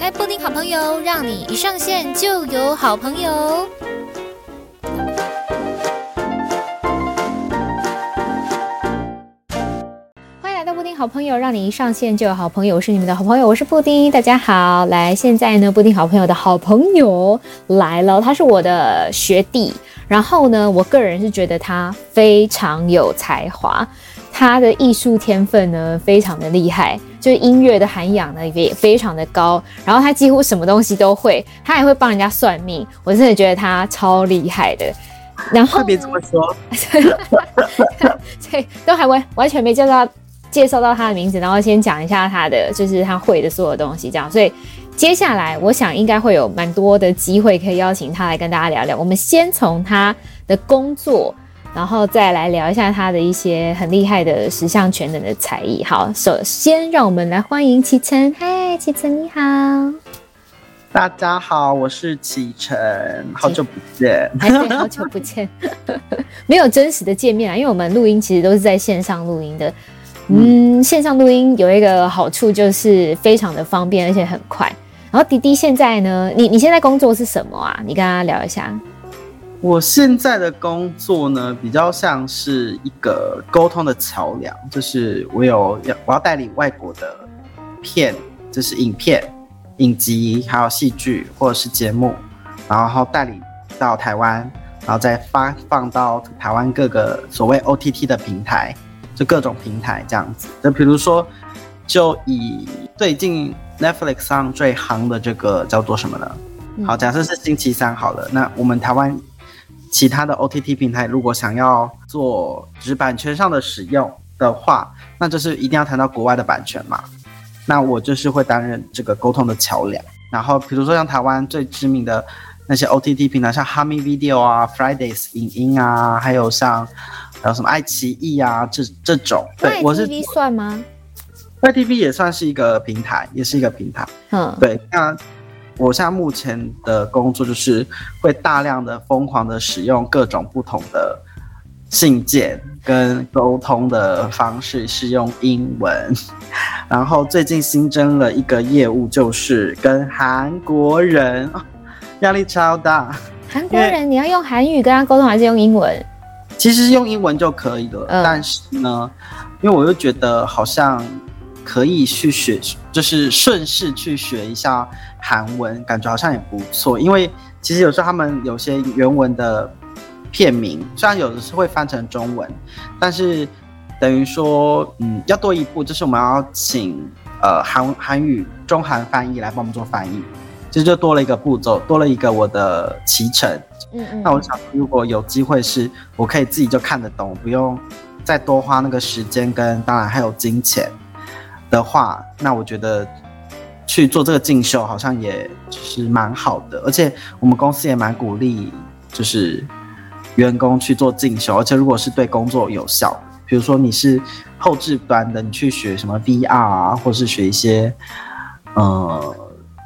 開布丁好朋友，讓你一上線就有好朋友。歡迎來到布丁好朋友，讓你一上線就有好朋友。我是你們的好朋友，我是布丁。大家好。來，現在呢，布丁好朋友的好朋友來了，他是我的學弟。然後呢，我個人是覺得他非常有才華，他的藝術天分呢，非常的厲害。就是、音樂的涵養呢，也非常的高，然後他幾乎什麼東西都會，他還會幫人家算命，我真的覺得他超厲害的。然後別這麼說，對， 都還完完全沒叫他介紹到他的名字，然後先講一下他的，就是他會的所有東西這樣。所以接下來我想應該會有蠻多的機會可以邀請他來跟大家聊聊。我們先從他的工作。然後再來聊一下他的一些很厲害的十項全能的才藝。好，首先讓我們來歡迎啟臣。嗨，啟臣你好。大家好，我是啟臣，好久不見， 哎、好久不見， 沒有真實的見面啊，因為我們錄音其實都是在線上錄音的。嗯，線上錄音有一個好處就是非常的方便，而且很快。然後滴滴現在呢，你你現在工作是什麼啊？你跟他聊一下。我現在的工作呢，比較像是一個溝通的橋樑，就是我有要我要代理外國的片，就是影片、影集，還有戲劇或者是節目，然後代理到台灣，然後再發放到台灣各個所謂 OTT 的平台，就各種平台這樣子。就比如說，就以最近 Netflix 上最夯的這個叫做什麼呢？好，假設是星期三好了，那我們台灣。其他的 OTT 平台如果想要做只版權上的使用的話，那就是一定要談到國外的版權嘛。那我就是會擔任這個溝通的橋樑。然後比如說像台灣最知名的那些 OTT 平台，像 Hami Video 啊、Fridays 影音啊，還有像還有什麼愛奇藝啊這這種。對，我是 v 算嗎？愛 t v 也算是一個平台，也是一個平台。嗯，對，那。我現在目前的工作就是會大量的瘋狂的使用各種不同的信件跟溝通的方式，是用英文，然後最近新增了一個業務，就是跟韓國人，壓力超大。韓國人，你要用韓語跟他溝通還是用英文？其實用英文就可以了，但是呢，因為我又覺得好像。可以去學，就是順勢去學一下韓文，感覺好像也不錯。因為其實有時候他們有些原文的片名，雖然有的是會翻成中文，但是等於說，嗯，要多一步，就是我們要請呃韓韓語中韓翻譯來幫我們做翻譯，其實就多了一個步驟，多了一個我的期程。嗯嗯。那我想，如果有機會是，是我可以自己就看得懂，不用再多花那個時間跟，當然還有金錢。的話，那我覺得去做這個進修好像也是蠻好的，而且我們公司也蠻鼓勵，就是員工去做進修。而且如果是對工作有效，比如說你是後製端的，你去學什麼 VR 啊，或是學一些，呃，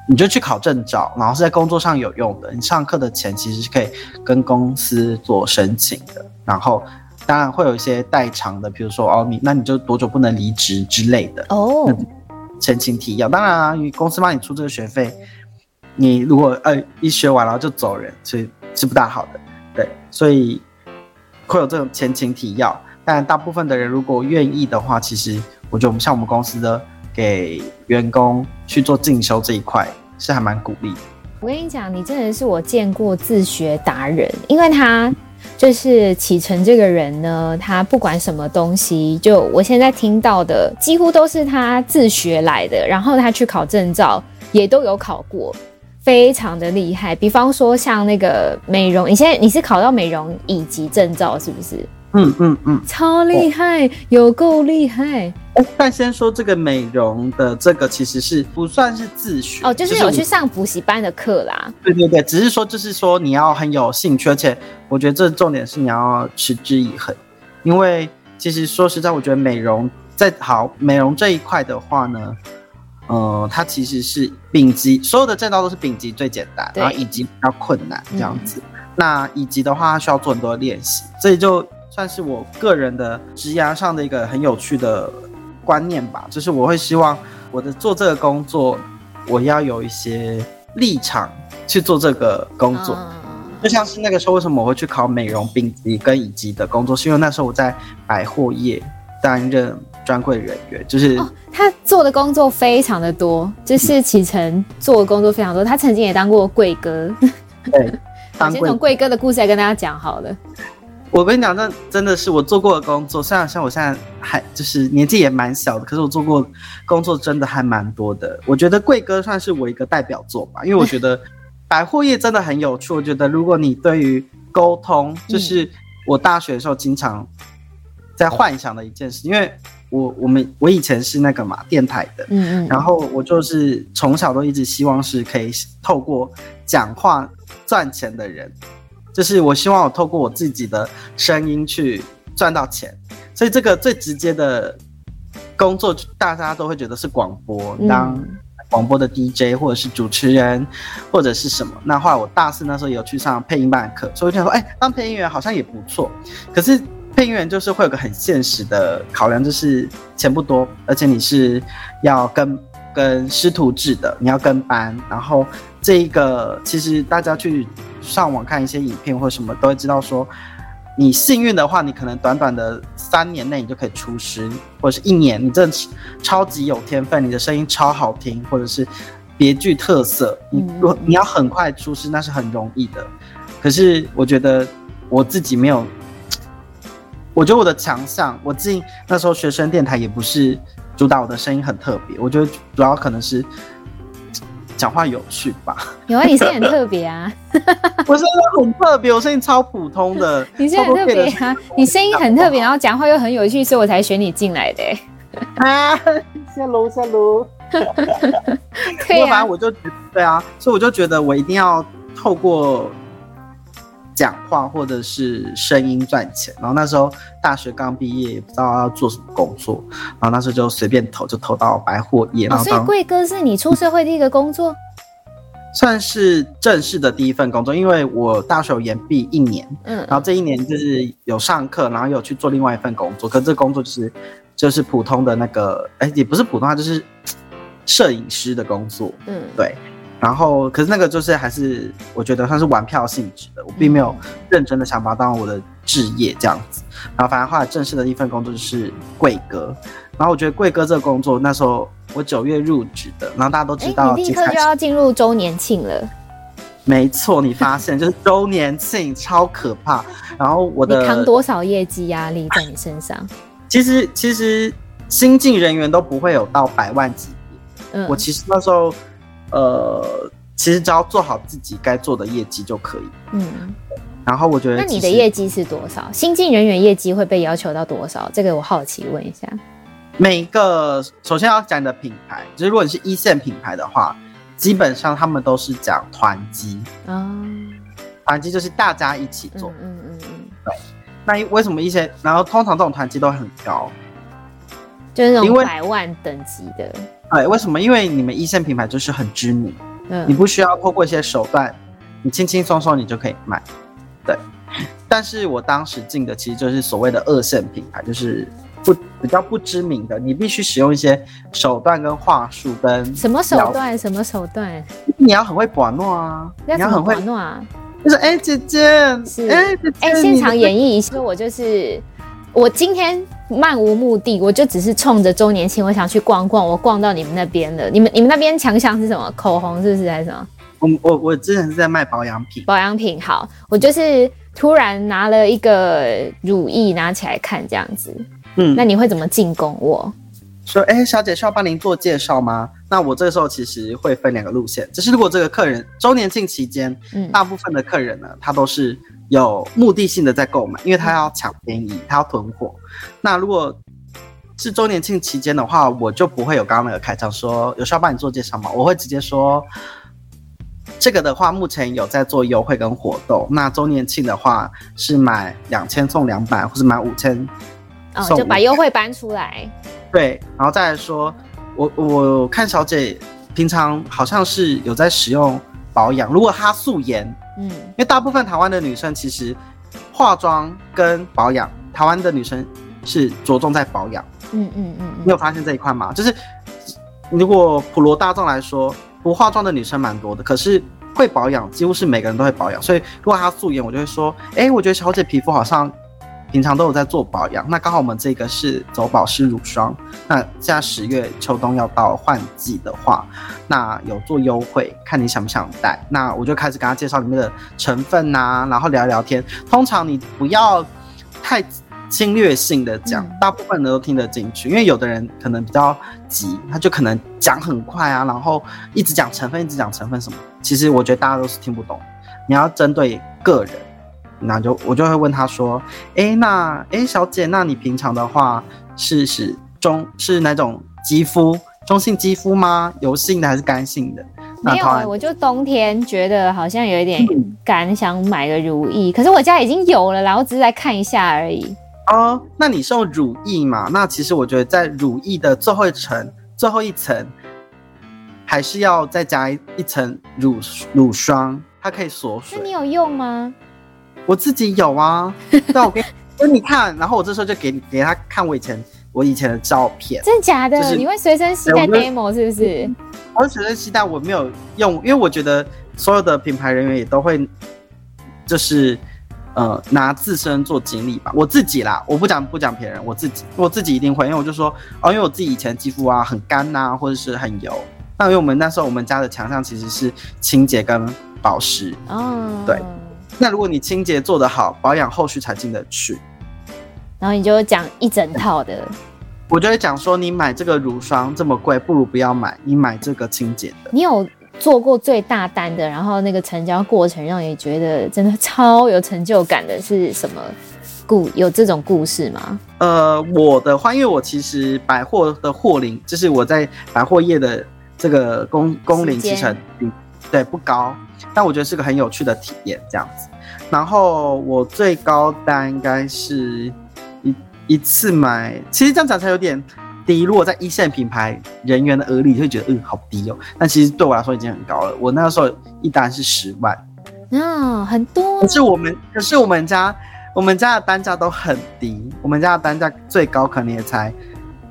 你就去考證照，然後是在工作上有用的。你上課的錢其實是可以跟公司做申請的，然後。當然會有一些代償的，比如說哦，你那你就多久不能離職之類的哦。Oh. 前情提要，當然啊，公司幫你出這個學費，你如果呃一學完然後就走人，所以是不大好的。對，所以會有這種前情提要。但大部分的人如果願意的話，其實我覺得我們像我們公司的給員工去做進修這一塊是還蠻鼓勵。我跟你講，你真的是我見過自學達人，因為他。就是啟臣這個人呢，他不管什麼東西，就我現在聽到的，幾乎都是他自學來的。然後他去考證照也都有考過，非常的厲害。比方說像那個美容，你現在你是考到美容乙級證照是不是？嗯嗯嗯，超厲害，哦、有夠厲害。但先說這個美容的，這個其實是不算是自學哦，就是有去上補習班的課啦，就是。對對對，只是說，就是說你要很有興趣，而且我覺得這重點是你要持之以恆，因為其實說實在，我覺得美容在好美容這一塊的話呢，呃，它其實是丙級，所有的證照都是丙級最簡單，然後乙級比較困難這樣子。嗯、那乙級的話，需要做很多練習，所以就。算是我個人的職涯上的一個很有趣的觀念吧，就是我會希望我的做這個工作，我要有一些立場去做這個工作。啊、就像是那個時候，為什麼我會去考美容丙級跟乙級的工作，是因為那時候我在百貨業擔任專櫃人員，就是、哦、他做的工作非常的多，就是啟臣做的工作非常多。嗯、他曾經也當過櫃哥， 對，當 先從櫃哥的故事來跟大家講好了。我跟你講，那真的是我做過的工作。雖然像我現在還就是年紀也蠻小的，可是我做過工作真的還蠻多的。我覺得櫃哥算是我一個代表作吧，因為我覺得百貨業真的很有趣。欸、我覺得如果你對於溝通，就是我大學的時候經常在幻想的一件事，嗯、因為我我們我以前是那個嘛電台的，嗯嗯，然後我就是從小都一直希望是可以透過講話賺錢的人。就是我希望我透過我自己的聲音去賺到錢，所以這個最直接的工作，大家都會覺得是廣播，當廣播的 DJ 或者是主持人，或者是什麼。那後來我大四那時候也有去上配音班課，所以就想說，哎，當配音員好像也不錯。可是配音員就是會有個很現實的考量，就是錢不多，而且你是要跟跟師徒制的，你要跟班，然後。這個其實大家去上網看一些影片，或者什麼，都會知道說，你幸運的話，你可能短短的三年內你就可以出師，或者是一年，你真的超級有天分，你的聲音超好聽，或者是別具特色，你嗯嗯嗯你要很快出師那是很容易的。可是我覺得我自己沒有，我覺得我的強項，我自己那時候學生電台也不是主打我的聲音很特別，我覺得主要可能是。講話有趣吧？有啊，你聲音很特別啊！ 不是很特別，我聲音超普通的。你是很特別啊，啊！你聲音很特別，然後講話又很有趣，所以我才選你進來的、欸。啊，下樓，下樓、 啊。對啊，所以我就覺得我一定要透過，講話或者是聲音賺錢，然後那時候大學剛畢業，也不知道要做什麼工作，然後那時候就隨便投，就投到百貨業。然、啊、所以櫃哥是你出社會第一個工作，算是正式的第一份工作，因為我大學延畢一年，嗯，然後這一年就是有上課，然後有去做另外一份工作，可這工作就是就是普通的那個，哎、欸，也不是普通，就是攝影師的工作，嗯，對。然後，可是那個就是還是我覺得算是玩票性質的，我並沒有認真的想把它當成我的職業這樣子。嗯、然後，反正後來正式的一份工作就是櫃哥。然後我覺得櫃哥這個工作，那時候我九月入職的，然後大家都知道，你立刻就要進入周年慶了。沒錯，你發現就是周年慶超可怕。 然後我的，你扛多少業績壓力在你身上？其實其實新進人員都不會有到百萬級。嗯，我其實那時候。呃，其實只要做好自己該做的業績就可以。嗯，然後我覺得，那你的業績是多少？新進人員業績會被要求到多少？這個我好奇問一下。每一個首先要講的品牌，就是如果你是一線品牌的話，基本上他們都是講團積啊，團積，哦，團積就是大家一起做，嗯嗯嗯。對，那為什麼一線，然後通常這種團積都很高，就是那種百萬等級的。哎，為什麼？因為你們一線品牌就是很知名，嗯，你不需要透過一些手段，你輕輕松鬆你就可以買。對，但是我當時進的其實就是所謂的二線品牌，就是不比較不知名的，你必須使用一些手段跟話術跟什麼手段？什麼手段？你要很會管諾啊，啊，你要很會管諾啊，就是哎、欸、姐姐，哎哎、欸欸、現場演繹一下，我就是我今天。漫無目的，我就只是衝着週年慶，我想去逛逛。我逛到你們那邊了，你們你們那邊強項是什麼？口紅是不是還是什麼？我我我之前是在賣保養品，保養品好。我就是突然拿了一個乳液，拿起來看這樣子。嗯，那你會怎麼進攻我？說，哎、欸，小姐，需要幫您做介紹嗎？那我這個時候其實會分兩個路線，就是如果這個客人周年慶期間，大部分的客人呢，他都是有目的性的在購買，因為他要搶便宜，他要囤貨。那如果是周年慶期間的話，我就不會有剛剛那個開場，說有需要幫你做介紹嗎？我會直接說，這個的話目前有在做優惠跟活動。那周年慶的話是買兩千送兩百，或是買五千，哦，就把優惠搬出來。對，然後再來說，我我看小姐平常好像是有在使用保養。如果她素顏，嗯，因為大部分台灣的女生其實化妝跟保養，台灣的女生是着重在保養。嗯嗯嗯，嗯，你有發現這一塊嗎？就是如果普羅大眾來說，不化妝的女生蠻多的，可是會保養幾乎是每個人都會保養。所以如果她素顏，我就會說，哎、欸，我覺得小姐皮膚好像。平常都有在做保養，那剛好我們這個是走保濕乳霜。那現在十月秋冬要到換季的話，那有做優惠，看你想不想帶。那我就開始跟他介紹裡面的成分吶、啊，然後聊一聊天。通常你不要太侵略性的講，嗯，大部分人都聽得進去，因為有的人可能比較急，他就可能講很快啊，然後一直講成分，一直講成分什麼。其實我覺得大家都是聽不懂，你要針對個人。那就我就會問他說：“哎、欸，那哎、欸，小姐，那你平常的話是使中是哪種肌膚？中性肌膚嗎？油性的還是乾性的？”沒有、欸，我就冬天覺得好像有一點乾，想買個乳液、嗯。可是我家已經有了，然後我只是來看一下而已。哦、啊，那你是用乳液嘛？那其實我覺得在乳液的最後一層最後一層，還是要再加一層乳乳霜，它可以鎖水。那你有用嗎？我自己有啊，但 我給就你看，然後我這時候就給給他看我以前我以前的照片。真的假的？就是、你會隨身攜帶 demo 是不是？我隨身攜帶我沒有用，因為我覺得所有的品牌人員也都會，就是呃拿自身做經歷吧。我自己啦，我不講不講別人，我自己我自己一定會，因為我就說哦，因為我自己以前的肌膚啊很乾吶、啊，或者是，是很油。那因為我們那時候我們家的強項其實是清潔跟保濕哦，oh. 對。那如果你清潔做得好，保養後續才進得去，然後你就講一整套的。我就會講說，你買這個乳霜這麼貴，不如不要買，你買這個清潔的。你有做過最大單的，然後那個成交過程讓你覺得真的超有成就感的是什麼故？有這種故事嗎？呃，我的話，因為我其實百貨的貨齡，就是我在百貨業的這個工工齡歷程。對，不高，但我覺得是個很有趣的體驗，這樣子。然後我最高單應該是一一次買，其實這樣講才有點低。如果在一線品牌人員的額裡，就會覺得嗯好低哦。但其實對我來說已經很高了。我那時候一單是十萬，啊、oh,，很多。可是我們可是我們家我們家的單價都很低，我們家的單價最高可能也才。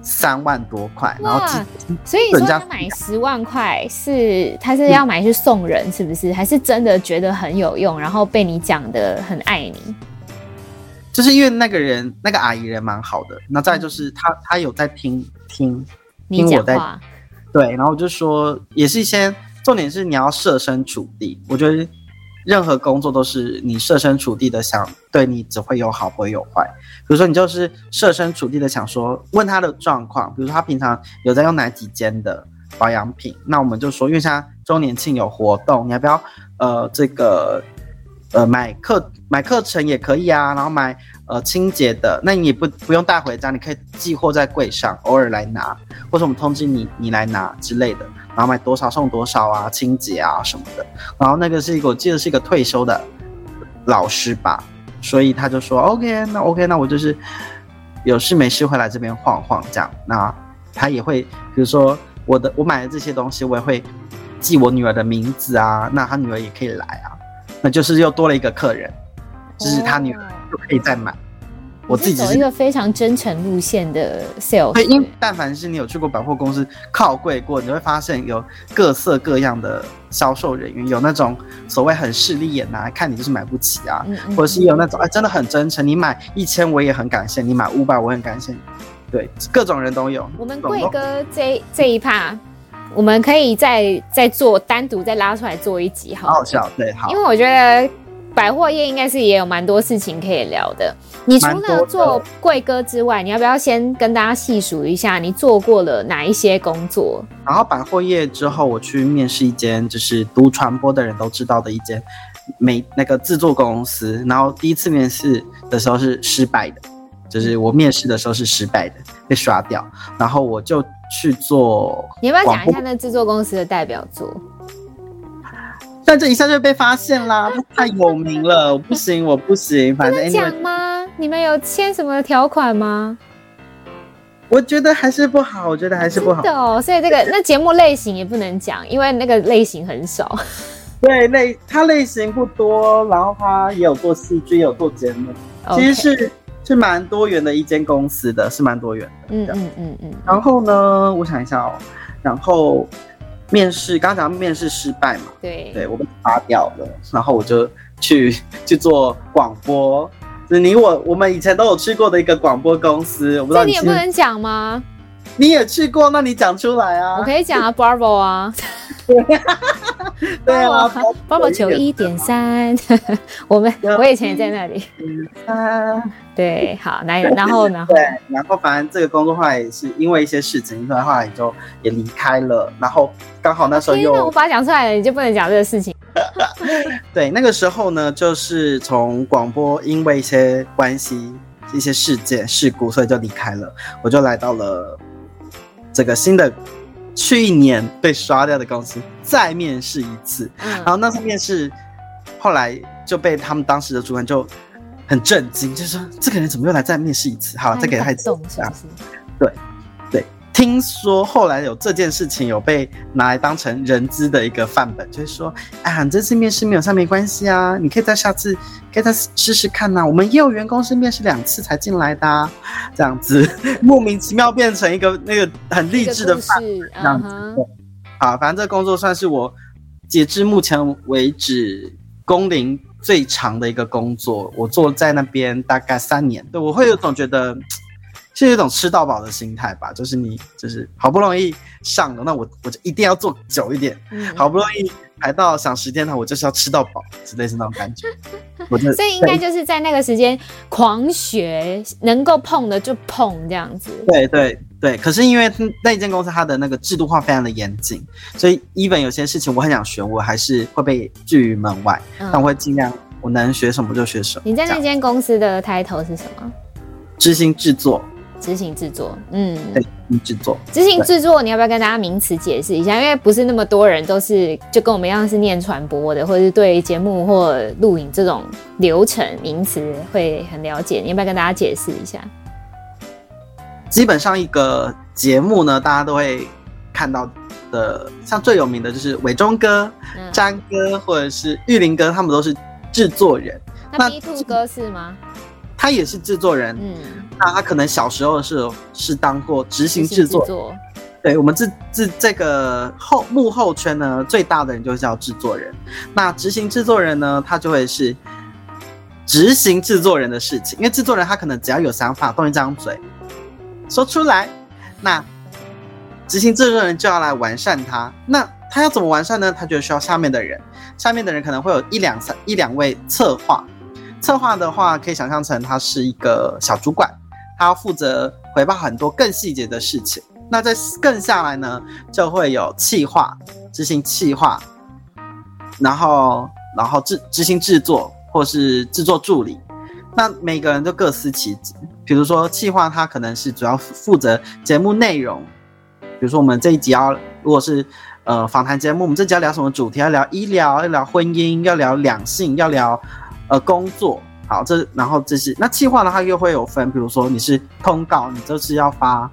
三萬多塊，然後只所以你說他買十萬塊是他是要買去送人，是不是、嗯？還是真的覺得很有用？然後被你講的很愛你，就是因為那個人那個阿姨人蠻好的。那再就是他、嗯、他有在聽聽，聽我在你講話，對。然後我就說，也是一些重點是你要設身處地，我覺得。任何工作都是你設身處地的想，對你只會有好不會有壞。比如說，你就是設身處地的想說，問他的狀況，比如說他平常有在用哪幾間的保養品，那我們就說，因為他周年慶有活動，你要不要？呃，這個。呃，買課買課程也可以啊，然後買呃清潔的，那你不不用帶回家，你可以寄貨在櫃上，偶爾來拿，或者我們通知你，你來拿之類的。然後買多少送多少啊，清潔啊什麼的。然後那個是一個，我記得是一個退休的老師吧，所以他就說 OK，那 OK，那我就是有事沒事會來這邊晃晃這樣。那他也會，比如說我的我買的這些東西，我也會記我女兒的名字啊，那他女兒也可以來啊。那就是又多了一個客人，只、oh、是他女兒就可以再買。我自己走一個非常真誠路線的 sales，因但凡是你有去過百貨公司靠櫃過，你會發現有各色各樣的銷售人員，有那種所謂很勢利眼啊，看你就是買不起啊，嗯嗯，或者是有那種哎真的很真誠，你買一千我也很感謝，你買五百我很感謝你，對，各種人都有。我們貴哥這這一趴。 我們可以再再做單獨再拉出來做一集，好好笑，對，好。因為我覺得百貨業應該是也有蠻多事情可以聊的。你除了做櫃哥之外，你要不要先跟大家細數一下你做過了哪一些工作？然後百貨業之後，我去面試一間就是讀傳播的人都知道的一間美那個製作公司，然後第一次面試的時候是失敗的。就是我面試的時候是失敗的，被刷掉，然後我就去做。你要不要講一下那製作公司的代表作？但這一下就被發現啦，他 太有名了，我不行，我不行。 反正 anyway... 講嗎？你們有簽什麼條款嗎？我覺得還是不好，我覺得還是不好的哦。所以這個 那節目類型也不能講，因為那個類型很少。對，類它類型不多，然後它也有做戲劇，也有做節目，okay. 其實是。是蠻多元的一間公司的，是蠻多元的，嗯嗯嗯嗯。然後呢，我想一下哦，然後面試，剛才面試失敗嘛，對對，我被拔掉了。然後我就去去做廣播，就是、你我我們以前都有去過的一個廣播公司，我不知道你。你也不能講嗎？你也去過，那你講出來啊！我可以講啊 ，Bravo 啊！ 對啊，包八九一點三，我, 3, 我, 3, 我們我以前也在那裡。三，對，好，然後然後然後 對，然後反正這個工作後來也是因為一些事情，的話你就也離開了。然後剛好那時候又，無法講出來了，你就不能講這個事情。 對，那個時候呢，就是從廣播，因為一些關係、一些事件、事故，所以就離開了。我就來到了這個新的。去年被刷掉的公司再面試一次、嗯，然後那次面試、嗯，後來就被他們當時的主管就很震驚，就說：“這個人怎麼又來再面試一次？”好，再給他一次。聽說後來有這件事情，有被拿來當成人資的一個範本，就是說，啊、哎，這次面試沒有上沒關係啊，你可以再下次，可以再試試看吶、啊。我們業務員工是面試兩次才進來的、啊，這樣子莫名其妙變成一個那個很勵志的範本，這樣子、uh -huh. 好子。啊，反正這工作算是我截至目前為止工齡最長的一個工作，我坐在那邊大概三年。對，我會有種覺得。Uh -huh. 是一種吃到飽的心態吧，就是你就是好不容易上了，那我我就一定要做久一點，嗯、好不容易排到想時間的，我就是要吃到飽，之類似那種感覺， 所以應該就是在那個時間狂學，能夠碰的就碰，這樣子。對對對，可是因為那間公司它的那個制度化非常的嚴謹，所以 even 有些事情我很想學，我還是會被拒於門外，嗯、但我會盡量我能學什麼就學什麼。你在那間公司的 title 是什麼？執行製作。執行制作，嗯，對，你制作執行制作，你要不要跟大家名詞解釋一下？因為不是那麼多人都是就跟我們一樣是念傳播的，或者是對節目或錄影這種流程名詞會很了解，你要不要跟大家解釋一下？基本上一個節目呢，大家都會看到的，像最有名的就是偉忠哥、詹哥或者是玉林哥，他們都是制作人。那 B2 哥是嗎？他也是制作人，嗯。那他可能小時候是是當過執行製作，就是、製作，對，我們這這這個後幕後圈呢，最大的人就是叫製作人。那執行製作人呢，他就會是執行製作人的事情，因為製作人他可能只要有想法，動一張嘴說出來，那執行製作人就要來完善他。那他要怎麼完善呢？他就需要下面的人，下面的人可能會有一兩三一兩位策劃，策劃的話可以想象成他是一個小主管。他要負責回報很多更細節的事情。那再更下來呢，就會有企劃、執行企劃，然後然後製執行製作或是製作助理。那每個人都各司其職。比如說企劃，他可能是主要負責節目內容。比如說我們這一集要，如果是呃訪談節目，我們這集要聊什麼主題？要聊醫療？要聊婚姻？要聊兩性？要聊呃工作？好，這然後這是那企劃的話，又會有分。比如說你是通告，你就是要發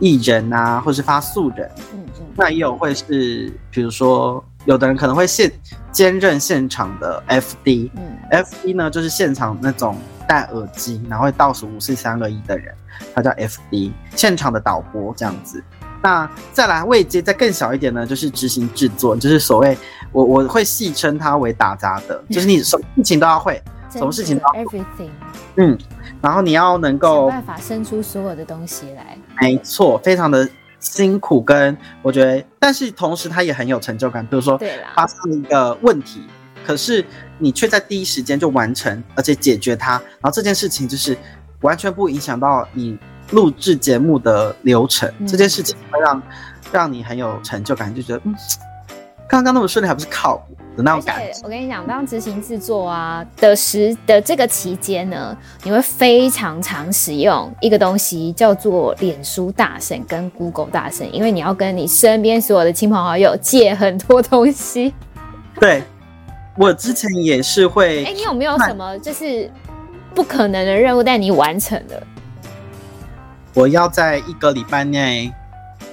藝人啊，或是發素人。嗯嗯。那也有會是，比如說有的人可能會現兼任現場的 FD。嗯。FD 呢，就是現場那種戴耳機，然後會倒數五、四、三、二、一的人，他叫 FD，現場的導播這樣子。那再來位階，再更小一點呢，就是執行製作，就是所謂我我會戲稱他為打雜的，就是你什麼事情都要會。嗯什麼事情？everything。嗯，然後你要能夠辦法生出所有的東西來。沒錯，非常的辛苦跟、跟我覺得，但是同時他也很有成就感。比如說，對了，發生了一個問題，可是你卻在第一時間就完成，而且解決它，然後這件事情就是完全不影響到你錄製節目的流程。嗯、這件事情會讓讓你很有成就感，就覺得嗯。剛剛那麼順利，還不是靠的那種感覺？我跟你講，當執行製作啊的時的這個期間呢，你會非常常使用一個東西，叫做臉書大神跟 Google 大神，因為你要跟你身邊所有的親朋好友借很多東西。對，我之前也是會。 哎，你有沒有什麼就是不可能的任務，但你完成了？我要在一個禮拜內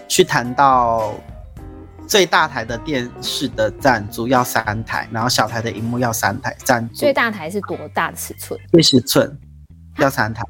去談到。最大台的電視的贊助要三台，然後小台的熒幕要三台贊助。最大台是多大尺寸？七十寸，要三台，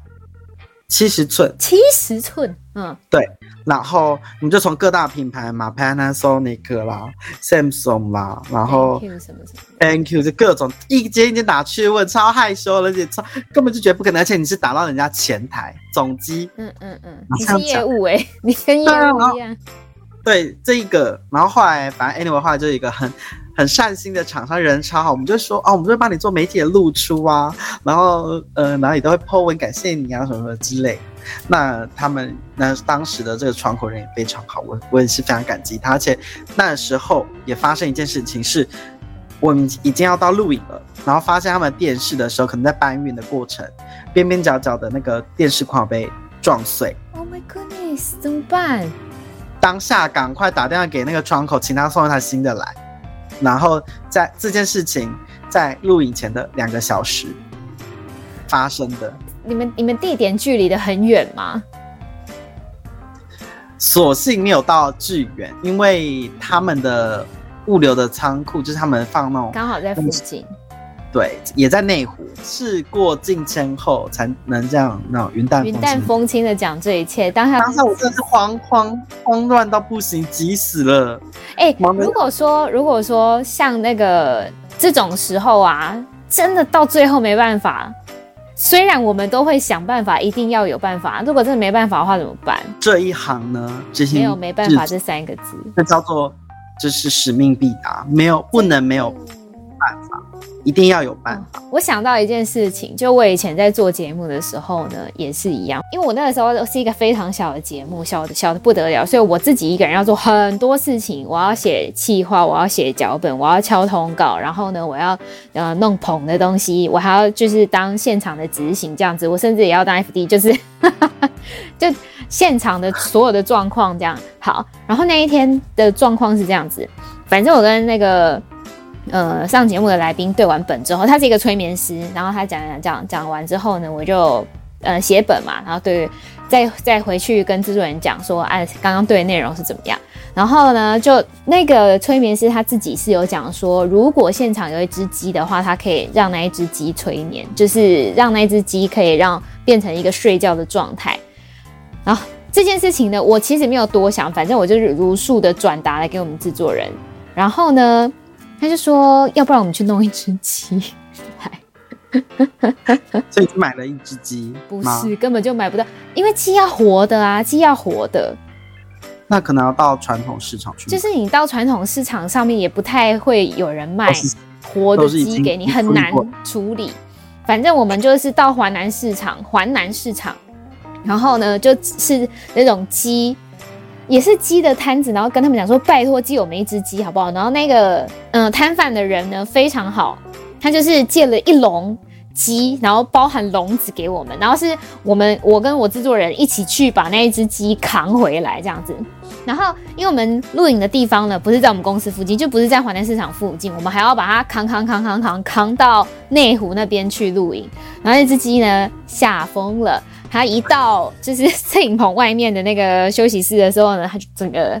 七十寸。七十寸，嗯，對。然後你們就從各大品牌嘛，Panasonic 啦，Samsung 啦，然後、MQ、什麼什麼，Thank you 就各種一間一間打去問，超害羞，而且超根本就覺得不可能，而且你是打到人家前台總機，嗯嗯嗯，啊、你是業務哎、欸，你跟業務一樣。啊啊對，這一個，然後後來反正 anyway，後來就一個很很善心的廠商，人超好，我們就說啊、哦，我們就會幫你做媒體的露出啊，然後呃哪裡都會 po 文感謝你啊什麼什麼之類。那他們那當時的這個窗口人也非常好，我我也是非常感激他。而且那時候也發生一件事情是，我們已經要到錄影了，然後發現他們電視的時候可能在搬運的過程，邊邊角角的那個電視框被撞碎。Oh my goodness，怎麼辦？當下趕快打電話給那個窗口，請他送一台新的來，然後在這件事情在錄影前的兩個小時發生的。你們你們地點距離得很遠嗎？所幸沒有到致遠，因為他們的物流的倉庫就是他們放那種剛好在附近。對，也在內湖。事過境遷後，才能這樣那雲淡雲淡風輕的講這一切。當下，當下我真的是慌慌慌亂到不行，急死了。哎、欸，如果說，如果說像那個這種時候啊，真的到最後沒辦法。雖然我們都會想辦法，一定要有辦法。如果真的沒辦法的話，怎麼辦？這一行呢？這些沒有沒辦法這三個字，那叫做這、就是使命必達，沒有不能沒有。辦法，一定要有辦法。我想到一件事情，就我以前在做節目的時候呢，也是一樣。因為我那個時候是一個非常小的節目，小的小的不得了，所以我自己一個人要做很多事情。我要寫企劃，我要寫腳本，我要敲通告，然後呢，我要呃弄棚的東西，我還要就是當現場的執行這樣子。我甚至也要當 FD，就是 就現場的所有的狀況這樣。好，然後那一天的狀況是這樣子，反正我跟那個。呃，上節目的來賓對完本之後，他是一個催眠師，然後他講講講講完之後呢，我就呃寫本嘛，然後對再再回去跟制作人講說，哎、啊，剛剛對的內容是怎麼樣？然後呢，就那個催眠師他自己是有講說，如果現場有一隻雞的話，他可以讓那一隻雞催眠，就是讓那隻雞可以讓變成一個睡覺的狀態。然後這件事情呢，我其實沒有多想，反正我就是如數的轉達來給我們制作人，然後呢。他就說：“要不然我們去弄一只雞來。”所以買了一只雞，不是根本就買不到，因為雞要活的啊，雞要活的。那可能要到傳統市場去。就是你到傳統市場上面，也不太會有人賣活的雞給你，很難處理。反正我們就是到環南市場，環南市場，然後呢，就是那種雞。也是雞的攤子，然後跟他們講說，拜托借我們一隻雞好不好？然後那個嗯攤販的人呢，非常好，他就是借了一籠雞，然後包含籠子給我們，然後是我們我跟我製作人一起去把那一隻雞扛回來這樣子。然後因為我們錄影的地方呢，不是在我們公司附近，就不是在華南市場附近，我們還要把它扛扛扛扛扛扛到內湖那邊去錄影。然後那隻雞呢嚇瘋了。他一到就是攝影棚外面的那個休息室的時候呢，他就整個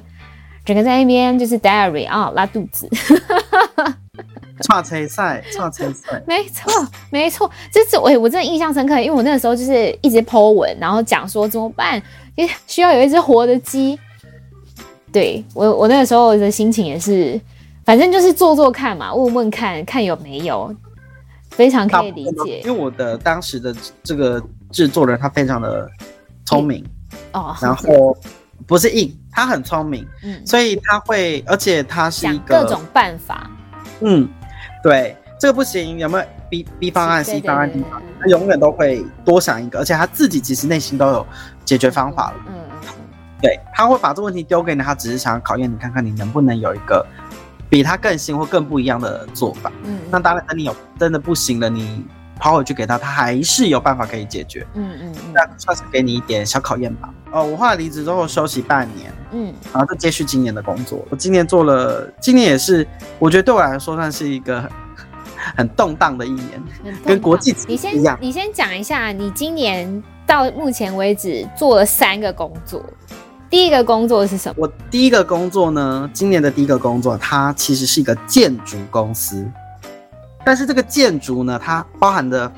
整個在那邊就是 diary 啊、哦、拉肚子，哈哈哈！剉賽，剉賽，沒錯沒錯，這是我、欸、我真的印象深刻，因為我那個時候就是一直 Po 文，然後講說怎麼辦，就是需要有一只活的雞。對，我我那個時候的心情也是，反正就是做做看嘛，問問看看有沒有，非常可以理解。因為我的當時的這個。製作人他非常的聰明、欸、哦，然後不是硬，他很聰明，嗯，所以他會，而且他是一個各種辦法，嗯，對，這個不行，有沒有 B B 方案 C 方案 D 方案？他永遠都會多想一個，而且他自己其實內心都有解決方法了，嗯，嗯，對，他會把這個問題丟給你，他只是想要考驗你，看看你能不能有一個比他更新或更不一樣的做法，嗯，那當然，等你有真的不行了，你。跑回去給他，他還是有辦法可以解決。嗯嗯，嗯，那算是給你一點小考驗吧。哦，我畫了離職之後休息半年，嗯，然後就接續今年的工作。我今年做了，今年也是，我覺得對我來說算是一個很，很動盪的一年，跟國際一樣。你先講，你先講一下，你今年到目前為止做了三個工作。第一個工作是什麼？我第一個工作呢，今年的第一個工作，它其實是一個建築公司。但是這個建築呢，它包含的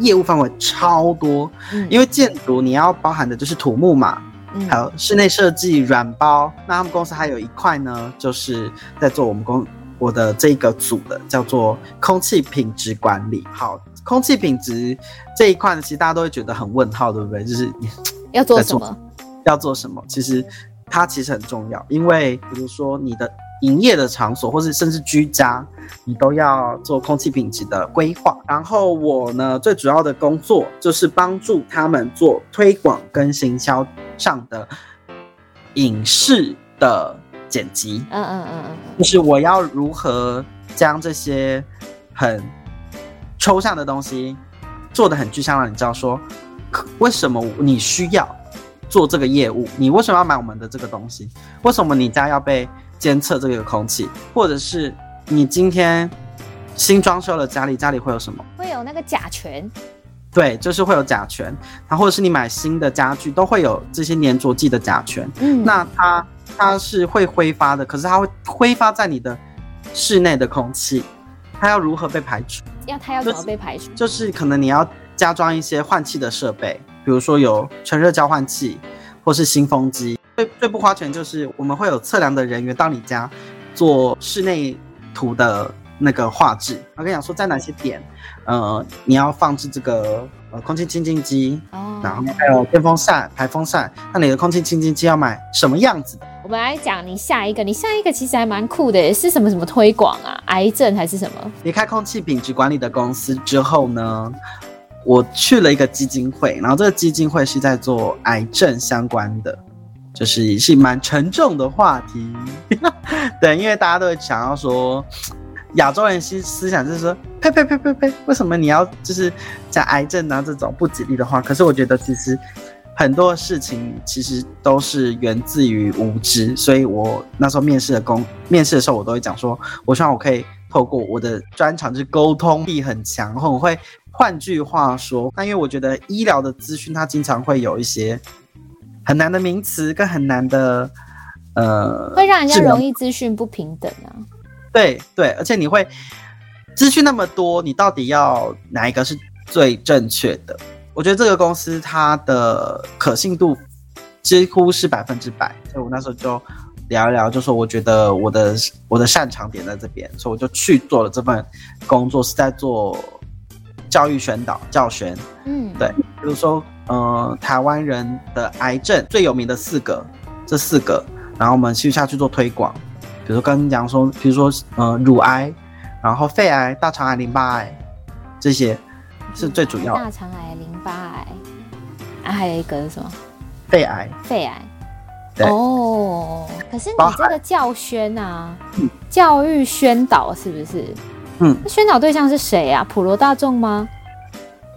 業務範圍超多，嗯、因為建築你要包含的就是土木嘛、嗯，還有室內設計、軟包。那他們公司還有一塊呢，就是在做我們公我的這個組的，叫做空氣品質管理。好，空氣品質這一塊呢，其實大家都會覺得很問號，對不對？就是要做什麼？在做，要做什麼？其實它其實很重要，因為比如說你的。營業的場所，或是甚至居家，你都要做空氣品質的規劃。然後我呢，最主要的工作就是幫助他們做推廣跟行銷上的影視的剪輯。嗯嗯嗯嗯，就是我要如何將這些很抽象的東西，做得很具象，讓你知道說，為什麼你需要做這個業務，你為什麼要買我們的這個東西，為什麼你家要被。監測這個空氣，或者是你今天新裝修了家裡，家裡會有什麼？會有那個甲醛。對，就是會有甲醛，然後或者是你買新的家具都會有這些粘着劑的甲醛。嗯，那它它是會揮發的，可是它會揮發在你的室內的空氣，它要如何被排除？要它要怎麼被排除？就是，就是可能你要加裝一些換氣的設備，比如說有全熱交換器，或是新風機。最最不花錢就是我們會有測量的人員到你家做室內圖的那個畫質。我跟你講說，在哪些點，呃，你要放置這個呃空氣清淨機，哦，然後還有電風扇、排風扇。那你的空氣清淨機要買什麼樣子的？我們來講你下一個，你下一個其實還蠻酷的，是什麼什麼推廣啊？癌症還是什麼？離開空氣品質管理的公司之後呢，我去了一個基金會，然後這個基金會是在做癌症相關的。就是也是蠻沉重的話題， 對，因為大家都會想要說，亞洲人思思想就是說，呸呸呸呸呸，為什麼你要就是講癌症啊這種不吉利的話？可是我覺得其實很多事情其實都是源自於無知，所以我那時候面試的工面試的時候，我都會講說，我希望我可以透過我的專長，就是溝通力很強，我會換句話說，但因為我覺得醫療的資訊它經常會有一些。很難的名詞跟很難的，呃，會讓人家容易資訊不平等啊。對對，而且你會資訊那麼多，你到底要哪一個是最正確的？我覺得這個公司它的可信度幾乎是百分之百，所以我那時候就聊一聊，就說我覺得我的我的擅長點在這邊，所以我就去做了這份工作，是在做教育宣導、教學。嗯，對，比如說。呃，台灣人的癌症最有名的四個，這四個，然後我們繼續下去做推廣，比如說剛剛講說，比如說，呃，乳癌，然後肺癌、大腸癌、淋巴癌，這些是最主要的。嗯，大腸癌、淋巴癌，啊，還有一個是什麼？肺癌？肺癌？對。哦，oh, 可是你這個教宣啊，教育宣導是不是？嗯。那宣導對象是誰啊？普羅大眾嗎？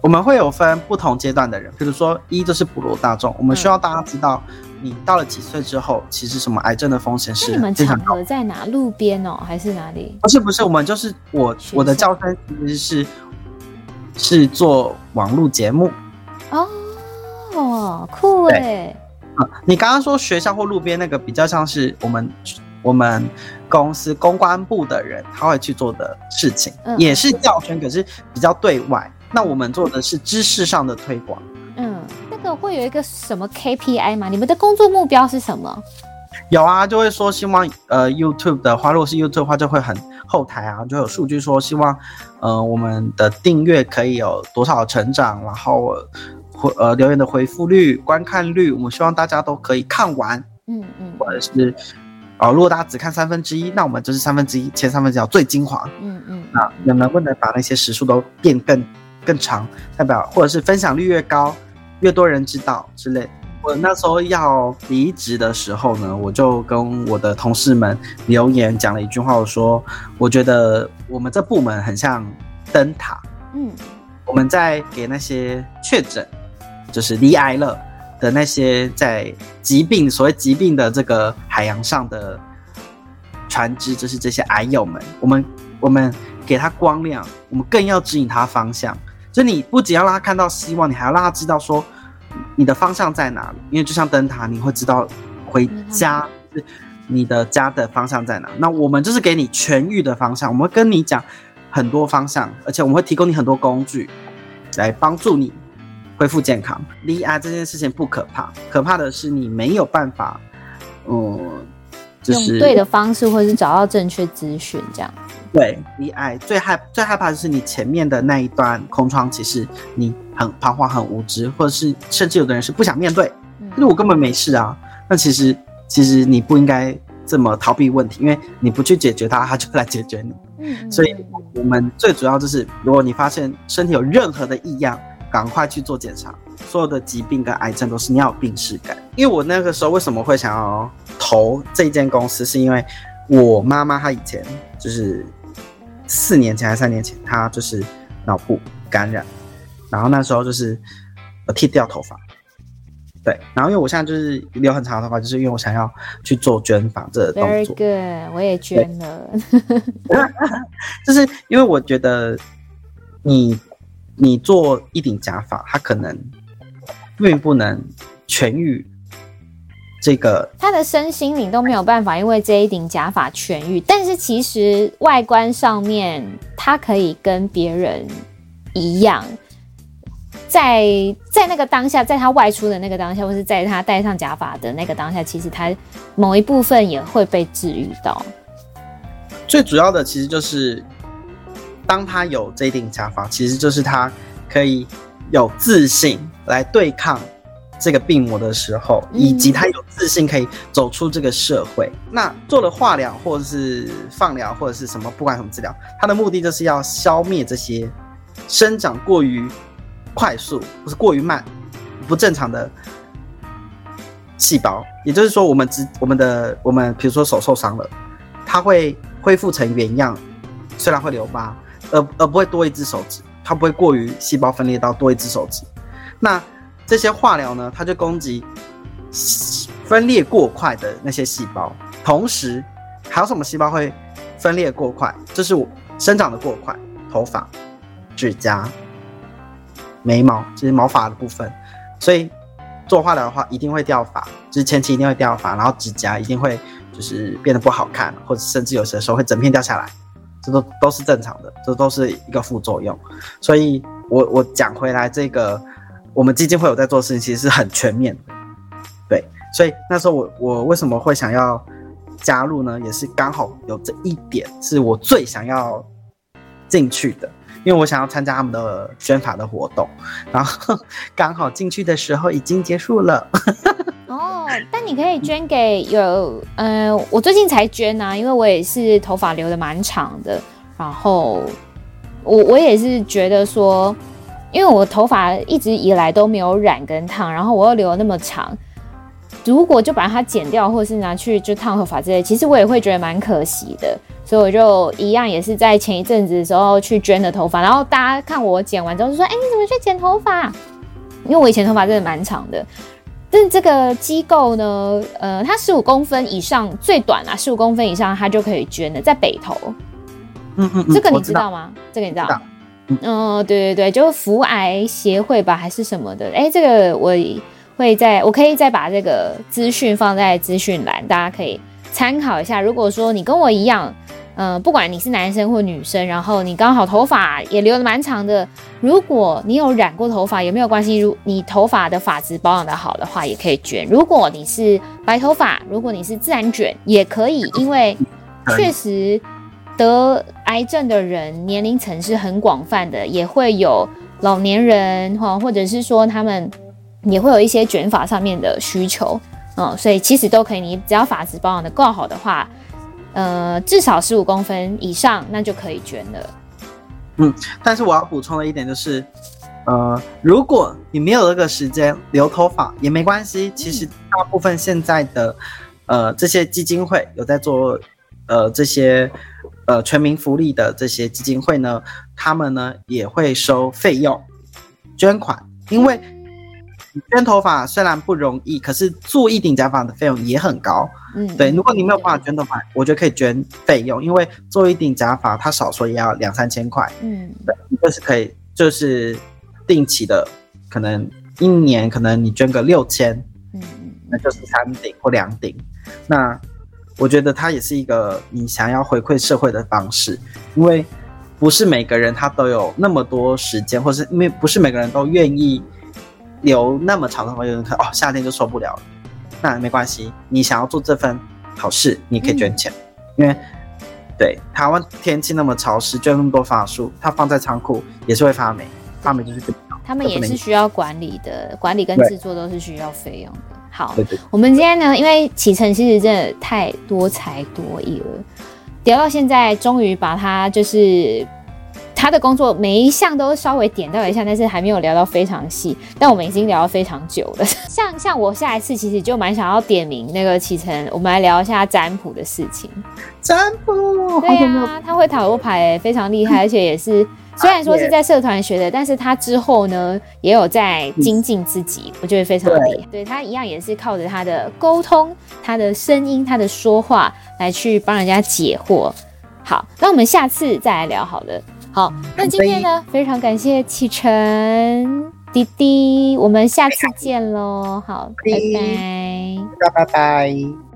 我們會有分不同階段的人，比如說一就是普羅大眾，我們需要大家知道，你到了幾歲之後，其實什麼癌症的風險是你們常高。在哪路邊哦，還是哪裡？不是不是，我們就是我學我的教聲其實是是做網路節目哦，哦酷。哎，你剛剛說學校或路邊那個比較像是我們我們公司公關部的人他會去做的事情，嗯、也是教聲、嗯，可是比較對外。那我們做的是知識上的推廣，嗯，這、那個會有一個什麼 KPI 嗎？你們的工作目標是什麼？有啊，就會說希望呃 YouTube 的話，如果是 YouTube 的話，就會很後台啊，就有數據說希望，呃，我們的訂閱可以有多少成長，然後呃，呃留言的回覆率、觀看率，我們希望大家都可以看完，嗯嗯，或者是啊、呃，如果大家只看三分之一，那我們就是三分之一，前三分之一最精華，嗯嗯，啊，那能不能把那些時數都變更？更長，代表或者是分享率越高，越多人知道之類。我那時候要離職的時候呢，我就跟我的同事們留言講了一句話，我說：“我覺得我們這部門很像燈塔，嗯，我們在給那些確診，就是罹癌了的那些在疾病所謂疾病的這個海洋上的船只，就是這些癌友們，我們我們給他光亮，我們更要指引他方向。”就你不僅要讓他看到希望，你還要讓他知道說你的方向在哪裡。因為就像燈塔，你會知道回家，你的家的方向在哪裡。那我們就是給你痊癒的方向，我們會跟你講很多方向，而且我們會提供你很多工具來幫助你恢復健康。罹癌這件事情不可怕，可怕的是你沒有辦法，嗯。就是、用對的方式，或者是找到正確資訊，這樣對。哎，最害最害怕就是你前面的那一段空窗，其實你很彷徨、很無知，或者是甚至有的人是不想面對。嗯，那我根本沒事啊。那其實其實你不應該這麼逃避問題，因為你不去解決它，它就來解決你。嗯，所以我們最主要就是，如果你發現身體有任何的異樣，趕快去做檢查。所有的疾病跟癌症都是你要有病識感。因為我那個時候為什麼會想要？哦，這間公司是因為我媽媽，她以前就是四年前還是三年前，她就是腦部感染，然後那時候就是剃掉頭髮，對，然後因為我現在就是留很長的頭髮，就是因為我想要去做捐髮這動作。v 我也捐了。 就是因為我覺得你你做一頂假髮，它可能並不,不能痊癒。這個，他的身心靈都沒有辦法，因為這一頂假髮痊癒。但是其實外觀上面，他可以跟別人一樣，在在那個當下，在他外出的那個當下，或者是在他戴上假髮的那個當下，其實他某一部分也會被治愈到。最主要的其實就是，當他有這一頂假髮，其實就是他可以有自信來對抗。這個病魔的時候，以及他有自信可以走出這個社會。嗯。那做了化療或者是放療或者是什麼，不管什麼治療，它的目的就是要消滅這些生長過於快速或是過於慢，不正常的細胞。也就是說我，我們只我們的我們，比如說手受傷了，它會恢復成原樣，雖然會留疤，而而不會多一隻手指，它不會過於細胞分裂到多一隻手指。那這些化療呢，它就攻擊分裂過快的那些細胞。同時，還有什麼細胞會分裂過快？這就是我生長的過快，頭髮、指甲、眉毛，這些、就是毛髮的部分。所以做化療的話，一定會掉髮，就是前期一定會掉髮，然後指甲一定會就是變得不好看，或者甚至有些時候會整片掉下來，這都都是正常的，這都是一個副作用。所以我，我我講回來這個。我們基金會有在做事情，其實是很全面的，對。所以那時候我我為什麼會想要加入呢？也是剛好有這一點是我最想要進去的，因為我想要參加他們的捐髮的活動，然後剛好進去的時候已經結束了。哦， 但你可以捐給有，嗯、呃，我最近才捐啊，因為我也是頭髮留得蠻長的，然後我我也是覺得說。因為我頭髮一直以來都沒有染跟燙，然後我又留了那麼長，如果就把它剪掉，或是拿去就燙頭髮之類，其實我也會覺得蠻可惜的。所以我就一樣也是在前一陣子的時候去捐的頭髮，然後大家看我剪完之後就說：“哎、欸，你怎麼去剪頭髮？”因為我以前頭髮真的蠻長的。但這個機構呢，呃，它十五公分以上最短啊，十五公分以上它就可以捐的，在北投。嗯嗯嗯，這個你知道嗎？我知道。這個你知道嗎？嗯，嗯，對對對，就是癌扶協會吧，還是什麼的。哎，這個我會再，我可以再把這個資訊放在資訊欄，大家可以參考一下。如果說你跟我一樣，嗯、呃，不管你是男生或女生，然後你剛好頭髮也留得蠻長的，如果你有染過頭髮也沒有關係，如你頭髮的髮質保養得好的話，也可以捐。如果你是白頭髮，如果你是自然捲，也可以，因為確實。得癌症的人年齡層是很廣泛的，也會有老年人哈、哦，或者是說他們也會有一些卷髮上面的需求，嗯、哦，所以其實都可以，你只要髮質保養得夠好的話，呃，至少十五公分以上那就可以捐了。嗯，但是我要補充的一點就是，呃，如果你沒有這個時間留頭髮也沒關係、嗯，其實大部分現在的呃這些基金會有在做呃這些。呃，全民福利的這些基金會呢，他們呢也會收費用捐款，因為捐頭髮雖然不容易，可是做一頂假髮的費用也很高。嗯，對，嗯、如果你沒有辦法捐頭髮，嗯、我覺得可以捐費用，嗯、因為做一頂假髮它少說也要兩三千塊。嗯，對，就是可以，就是定期的，可能一年可能你捐個六千，嗯，那就是三頂或兩頂，那。我覺得它也是一個你想要回饋社會的方式，因為不是每個人他都有那麼多時間，或是沒不是每個人都願意留那麼長的話有人看。哦，夏天就受不了了，那沒關係，你想要做這份好事，你可以捐錢，嗯、因為對台灣天氣那麼潮濕，捐那麼多髮束，它放在倉庫也是會發霉，發霉就是這。他們也是需要管理的，管理跟製作都是需要費用的。好，我們今天呢，因為啟臣其實真的太多才多藝了，聊到現在，終於把他就是他的工作每一項都稍微點到一下，但是還沒有聊到非常細，但我們已經聊到非常久了。 像像我下一次其實就蠻想要點名那個啟臣，我們來聊一下占卜的事情。占卜，對呀、啊，他會塔羅牌、欸，非常厲害，而且也是。雖然說是在社團學的，ah, yes. 但是他之後呢，也有在精進自己，yes. 我覺得非常厲害。對，對他一樣也是靠着他的溝通、他的聲音、他的說話來去幫人家解惑。好，那我們下次再來聊，好了。好，那今天呢， 非常感謝啟臣、滴滴，我們下次見嘍。好滴滴，拜拜，拜拜拜。